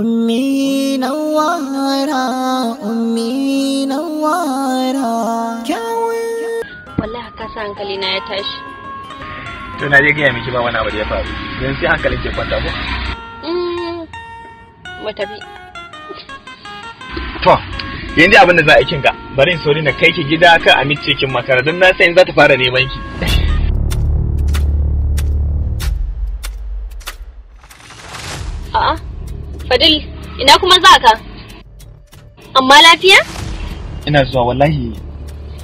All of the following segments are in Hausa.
ummi نوارا أمي نوارا والله sa hankali na ya tashi to na je gaya miki ba wani abu da ya faru yanzu sai hankalin ke kwanta ko wata mm, bi to yanzu abin da za a yi kinka, bari in sauri na kai ki gida kan amince kin makara don na san za ta fara neman ki Fadil, ina kuma za ka? Amma lafiya? Ina zuwa wallahi.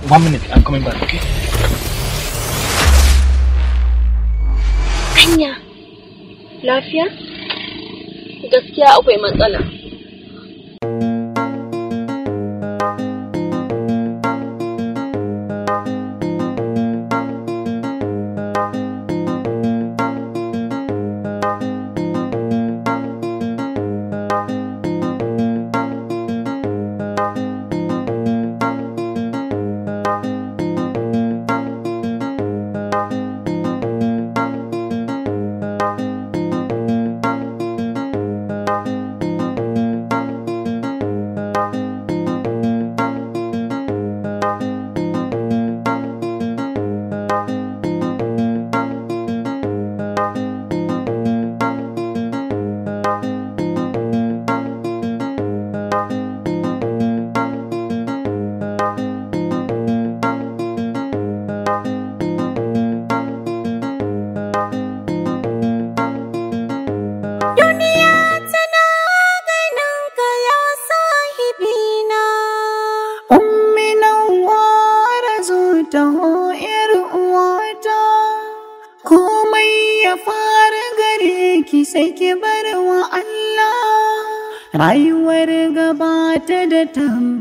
One minute, I'm coming back, okay? Anya, lafiya? Gaskiya akwai matsala.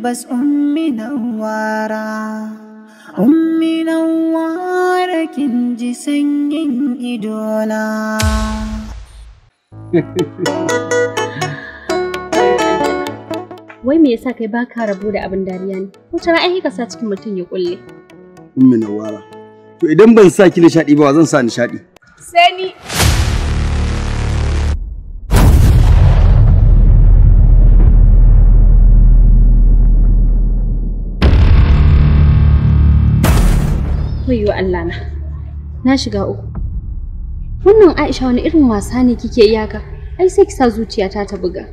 bas ummi nawara ummi nawara kin ji sanyin idona wai me yasa kai baka rabu da abin dariya ne wata ra'ayi ka sa cikin mutum ya kulle ummi nawara to idan ban sa ki nishadi ba zan sa nishadi sai ni Wayyo Allah na. Na shiga uku. Wannan Aisha wani irin wasa ne kike yi haka? Ai sai ki sa zuciyata ta buga.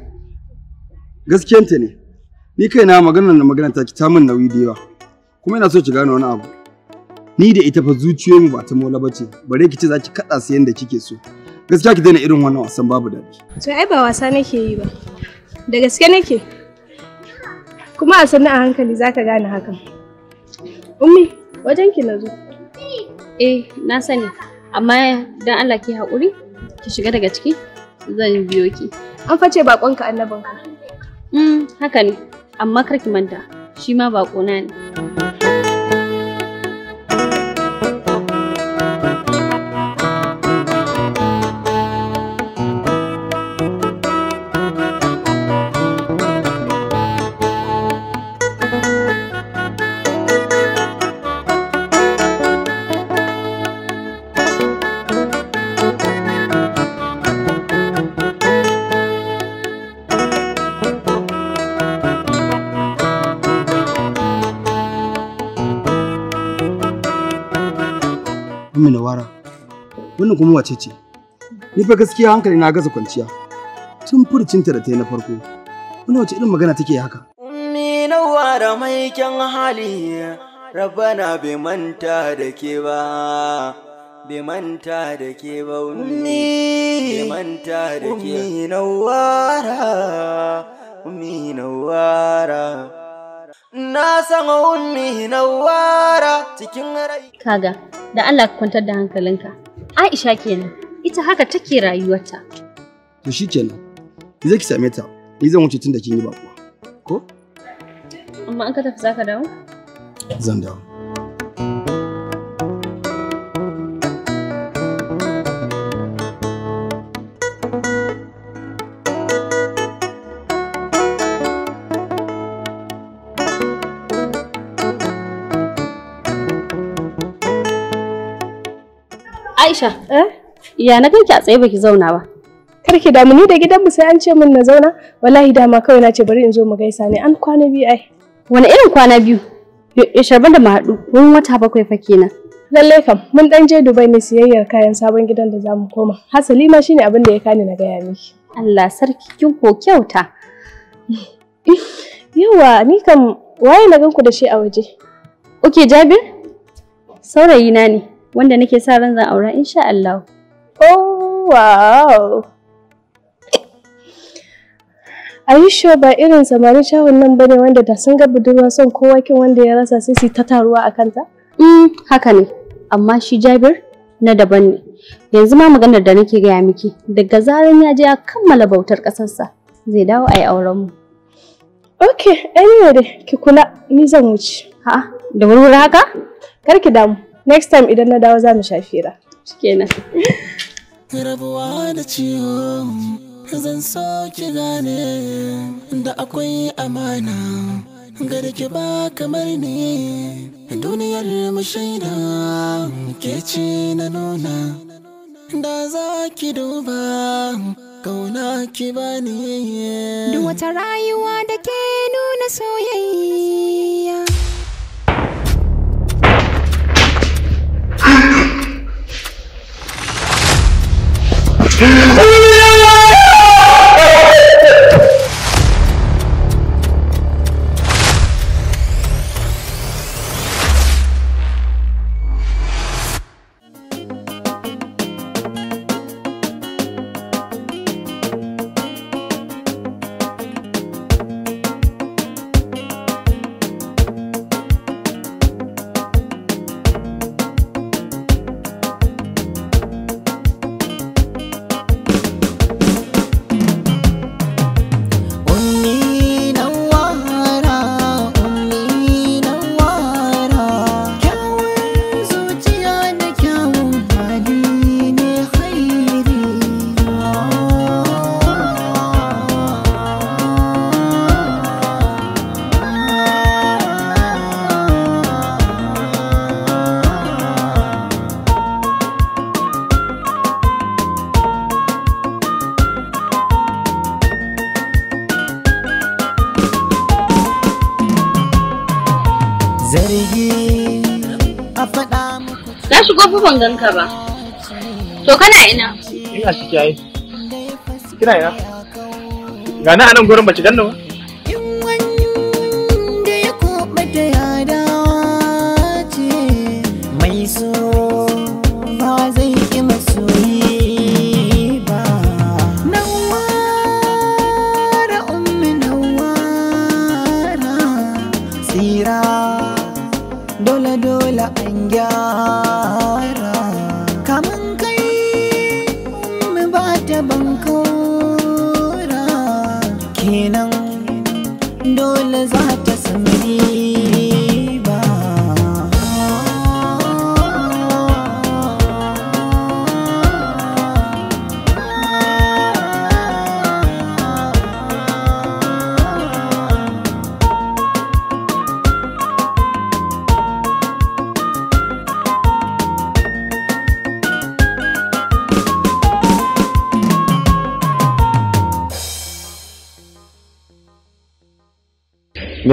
Gaskiyanta ne. Ni kaina maganar da magana ta ki ta min nauyi da yawa. Kuma ina so ki gane wani abu. Ni da ita fa zuciyoyin ba ta mola bace. Bare ki ce za ki kada su yanda kike so. Gaskiya ki daina irin wannan wasan babu daɗi. To ai ba wasa nake yi ba. Da gaske nake. Kuma a sannu a hankali za ka gane hakan. Ummi, wajen ki na zo eh na sani amma dan Allah ki haƙuri ki shiga daga ciki zan biyo ki an face bakonka annabinka mm haka ne amma kar ki manta shi ma bakona ne wannan kuma wace ce ni fa gaskiya hankali na gaza kwanciya tun furcinta da ta yi na farko wani wace irin magana take haka ummi da mai kyan hali rabana bai manta da ke ba bai manta da ke ba ummi bai manta da ke ummi nawara ummi nawara na san ummi nawara cikin rai kaga da Allah ka kwantar da hankalinka Aisha kenan, ita haka take rayuwarta. To shi kenan, ki zai ki same ta, ni zan wuce tun da kin yi kuwa. Ko? Amma an ka tafi za ka dawo? Zan dawo. Aisha. Eh? Ya na ganki a tsaye baki zauna ba. Kar ki damu ni da gidanmu sai an ce min na zauna. Wallahi dama kawai na ce bari in zo mu gaisa ne. An kwana biyu ai. Wani irin kwana biyu? Ya sharban da mu haɗu. wata bakwai fa kenan. Lallai kam mun dan je Dubai ne siyayyar kayan sabon gidan da zamu koma. Hasali ma shine abin da ya kani na gaya miki. Allah sarki kin ko kyauta. Yawa ni kam waye na ganku da shi a waje? Oke Jabir? Saurayi na ne. wanda nake sa ran zan aura insha Allah. Oh wow. Are you sure ba irin samari shawun nan bane wanda da sun ga budurwa son kowa kin wanda ya rasa sai su ta taruwa a kanta? Mm, haka ne. Amma shi Jabir na daban ne. Yanzu ma maganar da nake gaya miki daga zaran ya je ya kammala bautar ƙasarsa zai dawo a yi auren mu. Okay, anyway ki kula ni zan wuce. Ha, da wuri-wuri haka? Kar ki damu. next time idan na dawo za mu sha fira shikenan rabuwa da ciwo zan so ki gane da akwai amana gada ki ba kamar ni duniyar mu shaida ke ce na nuna da za ki duba kauna ki bani duk wata rayuwa da ke nuna soyayya Yeah. ban ganka ba. To kana ina? Ina ciki ai. Kina ina? Ga na anan gurin bace ganna ba?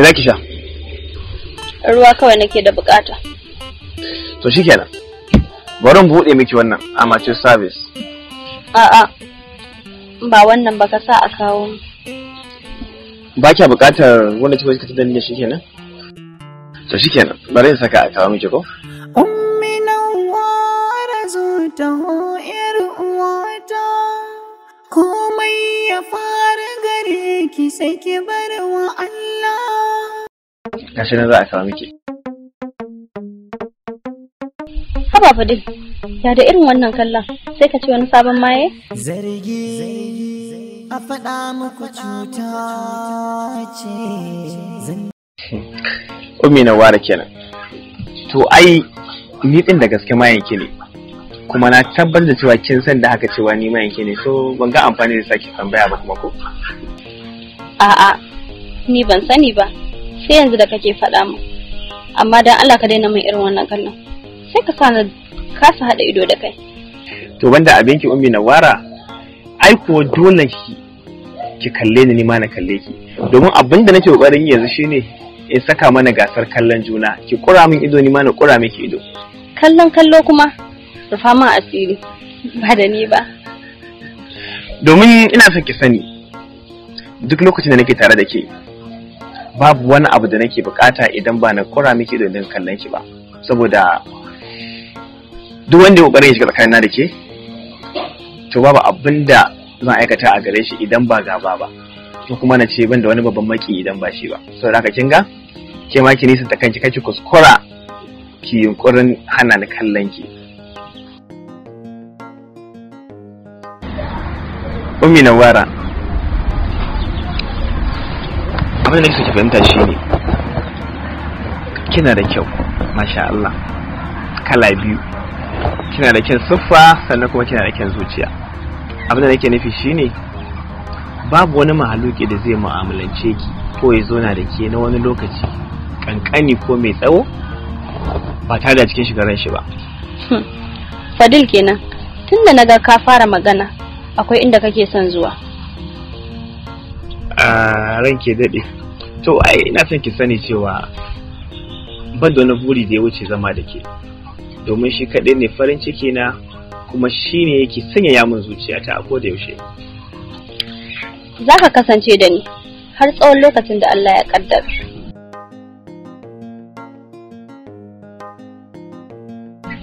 me zaki sha ruwa kawai nake da bukata to shikenan bari buɗe miki wannan amateur service a'a ba wannan ba ka sa a kawo ba kya bukatar wanda kika kika tada da shi kenan to shikenan bari in saka a kawo miki ko komai ya fara gare ki sai ki bar wa gashi nan za a samu ke. haba fadil ya da irin wannan kallon sai ka ci wani sabon maye zargi a faɗa muku cuta ce Umi na ware kenan to ai ni din da gaske mayan ne kuma na tabbatar da cewa kin san da haka cewa ni mayan ne so ban ga amfani da sake tambaya ba kuma ko a'a ni ban sani ba sai yanzu da kake faɗa min amma dan Allah ka daina mun irin wannan kallon sai ka sana kasa haɗa ido da kai to banda abin ki ummi nawara ai ko dole ki ki kalle ni ma na kalle ki domin abin da nake kokarin yanzu shine in saka mana gasar kallon juna ki kura min ido ni ma na kura miki ido kallon kallo kuma rufa min asiri ba da ni ba domin ina son ki sani duk lokacin da nake tare da ke babu wani abu da nake bukata idan ba na kura miki da kallon ki ba saboda duk wanda ya kokarin ya shiga tsakanin da ke to babu abinda zan aikata a gare shi idan ba gaba ba to kuma na ce ban da wani babban maki idan ba shi ba saboda haka kin ga ke ma ki nisa ta kanki kanki kuskura ki yunkurin hana ni kallon ki ummi nawara abin da nake so fahimta shine kina da kyau masha Allah kala biyu kina da kyan siffa sannan kuma kina da kyan zuciya abin da nake nufi shine babu wani mahaluki da zai mu'amalance ki ko ya zo na da ke na wani lokaci kankani ko mai tsawo ba tare da cikin shigaran shi ba hmm. fadil kenan tunda na ga ka fara magana akwai inda kake son zuwa ran ke daɗe to ai ina son ki sani cewa ban da wani buri da ya wuce zama da ke domin shi kaɗai ne farin ciki na kuma shi ne yake yamin zuciya ta ako da yaushe za ka kasance da ni har tsawon lokacin da Allah ya kaddar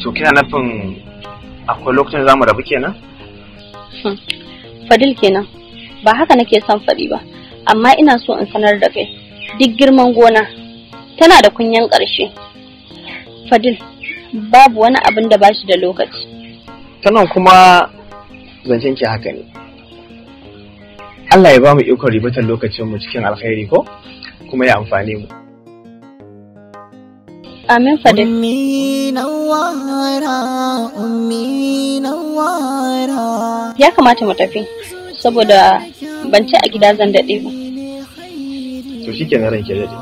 to kina nufin akwai lokacin za mu rabu kenan hmm. fadil kenan ba haka nake son faɗi ba amma ina so in sanar da kai duk girman gona tana da kunyan ƙarshe fadil babu wani abin da bashi da lokaci sannan kuma zancen ki haka ne Allah ya ba mu ikon ribatar lokacinmu cikin alkhairi ko kuma ya amfane mu Amin Fadil. Ya kamata mu tafi. saboda ban ci a gida zan daɗe ba. To shi kenan ranke daɗe.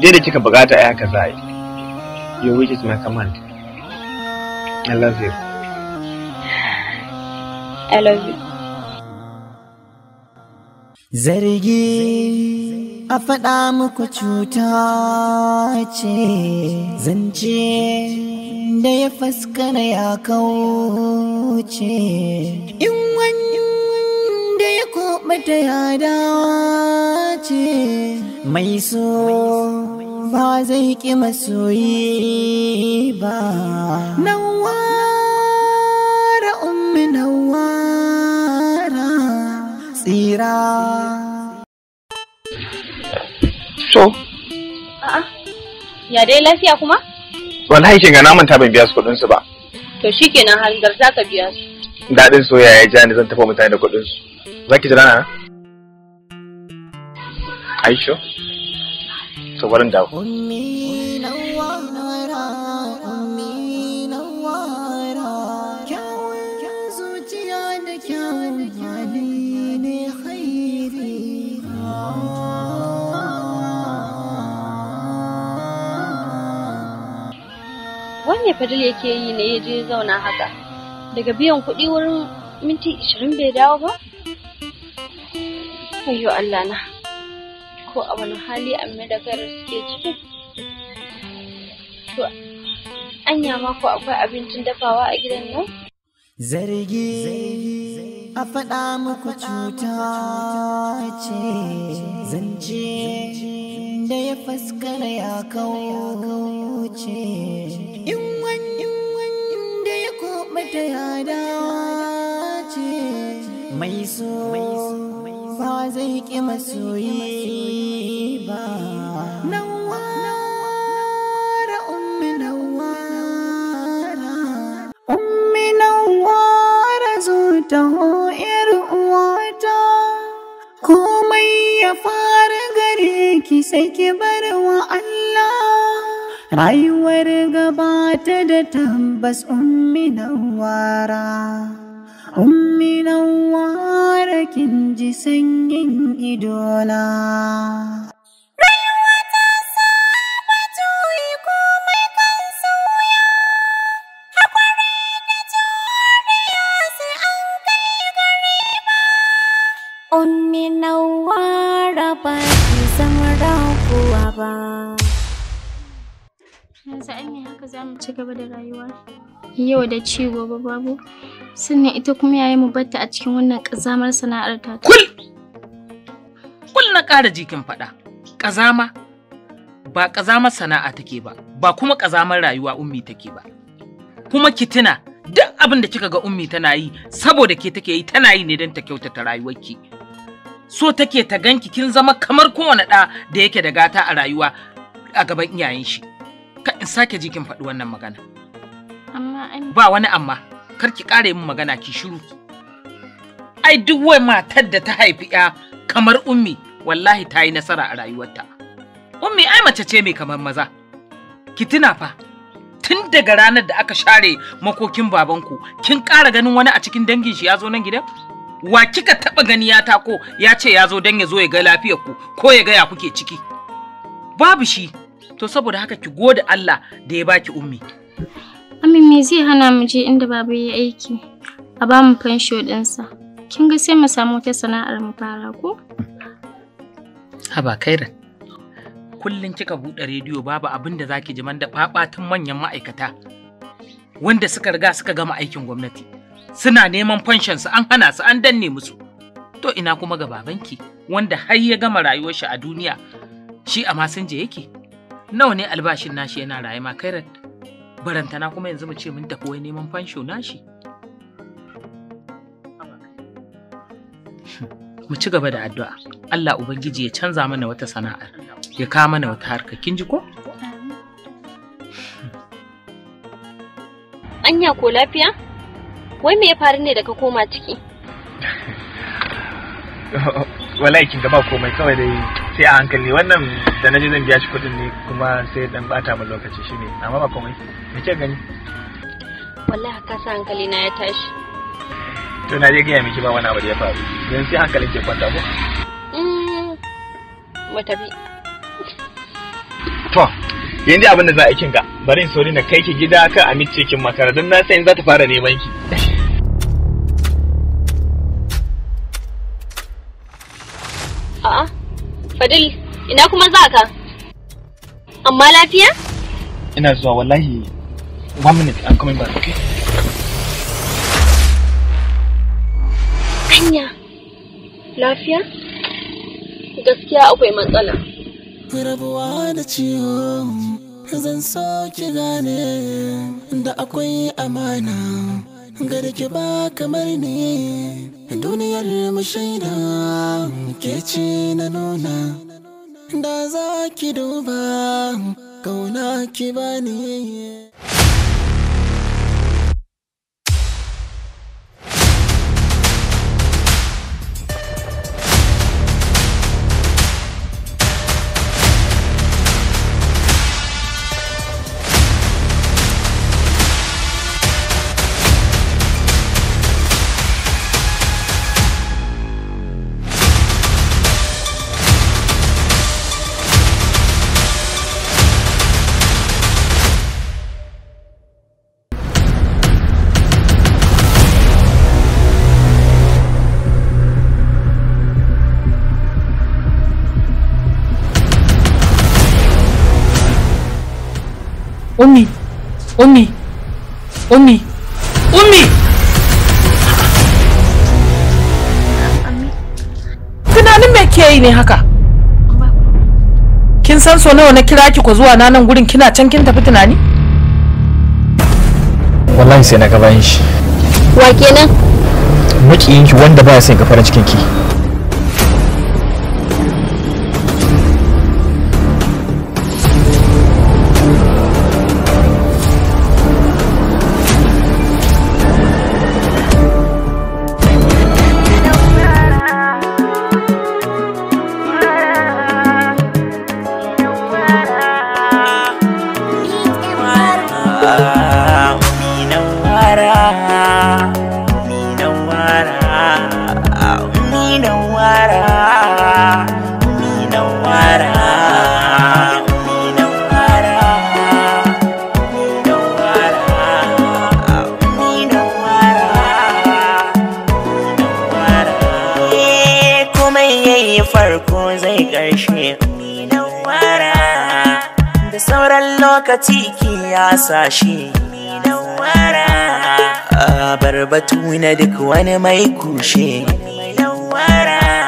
Je da kika bukata ai haka za a yi. Your wish is my command. I love you. I love you. Zargi a faɗa muku cuta ce, zance da ya faskara ya kauce. In wanda ya koɓata ya dace, mai so ba zai ƙi masoyi ba. sira. So. A'a. Ya dai lafiya kuma? Wallahi kin ga na manta ban biya su kuɗin ba. To shi nan hangar za ka biya su. Daɗin soyayya ya ja ni zan tafa mutane da kuɗin su. Za ki jira na? Aisho? To dawo. wai ne fadil yake yi ne ya je zauna haka daga biyan kuɗi wurin minti ishirin bai dawo ba ayyo allah na ko a wani hali a da suke ciki to anya ma ko akwai abincin dafawa a gidan nan zargi a faɗa muku cuta ce zance da ya faskara ya kauce ke yadawa ce mai so ba zai ƙi masoyi ba nawara ummi nawara ummi nawara zo ta uwata komai ya fara gare ki sai ki bar wa Allah Rayuwar gabata da tambas ummi wara ummi wara kin ji sanyin idona. haka za mu ci gaba da rayuwa yau da ci gobe babu sannan ita kuma yayin mu batta a cikin wannan ƙazamar sana'ar ta kul kul na ƙara jikin faɗa ƙazama ba ƙazamar sana'a take ba ba kuma ƙazamar rayuwa ummi take ba kuma kitina duk abin da kika ga ummi tana yi saboda ke take yi tana yi ne don ta kyautata rayuwarki so take ta ganki kin zama kamar kowane ɗa da yake da gata a rayuwa a gaban iyayen shi in sake jikin faɗi wannan magana. Amma Ba wani amma, kar ki ƙare min magana ki shiru. Ai duk wai matar da ta haifi ya kamar ummi wallahi ta yi nasara a rayuwarta. Ummi ai mace ce mai kamar maza. Ki tuna fa, tun daga ranar da aka share makokin babanku, kin ƙara ganin wani a cikin dangin shi ya zo nan gidan? Wa kika taɓa gani ya tako ya ce ya zo don ya zo ya ga lafiyar ku ko ya ga ya kuke ciki. Babu shi, To saboda haka ki gode Allah da ya baki ummi. Ami me zai hana mu je inda baba ya aiki? A ba mu fansho ɗinsa. Kin ga sai mu samu wata sana'ar mu fara ko? Haba kairan. Kullum kika buɗe rediyo babu abin da zaki ji man da faɓatan manyan ma'aikata wanda suka riga suka gama aikin gwamnati. Suna neman fanshan su an hana su an danne musu. To ina kuma ga babanki wanda har ya gama rayuwar shi a duniya shi a masinja yake. nawa ne albashin nashi yana raye ma kai barantana kuma yanzu mu ce mun tafi wai neman fansho nashi mu ci gaba da addu'a Allah ubangiji ya canza mana wata sana'ar ya kawo mana wata harka kin ji ko anya ko lafiya wai me ya faru ne da ka koma ciki wallahi kin ga ba komai kawai dai sai a hankali wannan da na je zan biya shi kudin ne kuma sai dan bata mu lokaci shine amma ba komai me ke gani wallahi haka sa hankali na ya tashi to na je gaya miki ba wani abu da ya faru yanzu sai hankalin ke kwanta ko mm, mu bi. to yanzu abin da za a yi ga bari in sauri na kai ki gida kan amince kin makara dan na san za ta fara neman ki a'a Fadil, ina kuma za ka? Amma lafiya? Ina zuwa wallahi. One minute, I'm coming back, okay? Anya, lafiya? Gaskiya akwai matsala. Rabuwa da ciwo, zan so ki gane da akwai amana. garki ba kamar ni duniyar mu shaida ke ce na nuna da za ki duba kauna ki bani ummi ummi ummi ummi tunanin me ke yi ne haka kin san so nawa na kira ki ku zuwa na nan gurin kina can kin tafi tunani wallahi sai na gaba yin shi wa kenan makiyin ki wanda baya son ka farin cikin ki lokaci ki ya sashi minawara a barbatu na duk wani mai kushe minawara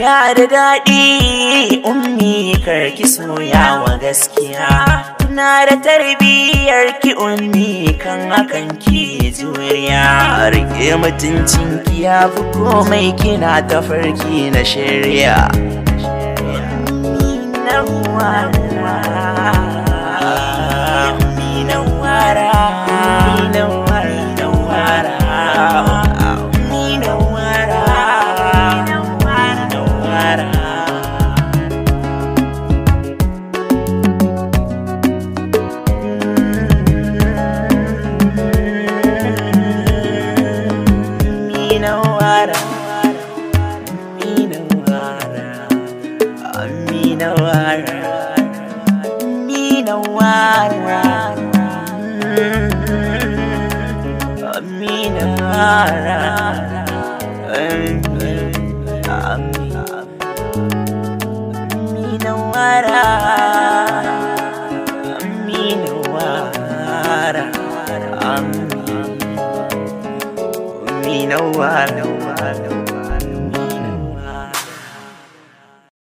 ya da daɗi ummi karki soyawa gaskiya tuna da tarbiyyar ki ummi kan hakan ki juriya rike mutuncin ki ya fi komai kina tafarki na shari'a na